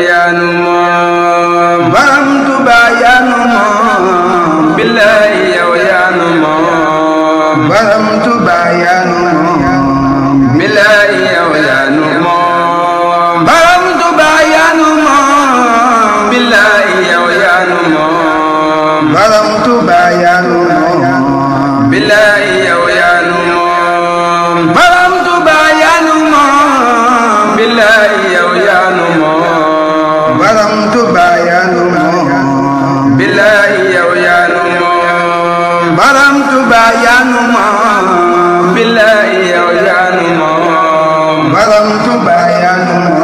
yaanu moom borom Tuuba yaanu moom billaay yow yaanu moom borom Tuuba yaanu moom billaay yow yaanu moom borom Tuuba yaanu moom billaay yow yaanu moom borom Tuuba yaanu برمت بيان ما بالله يوجان ما برمت بيان ما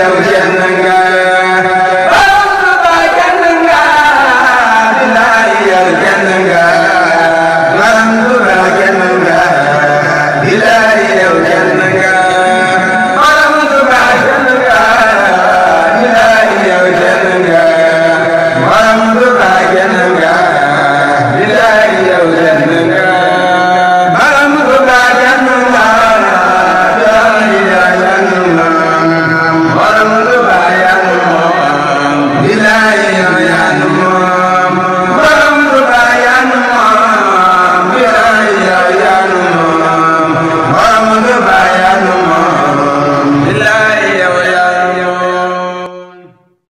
Yeah, yeah, yeah.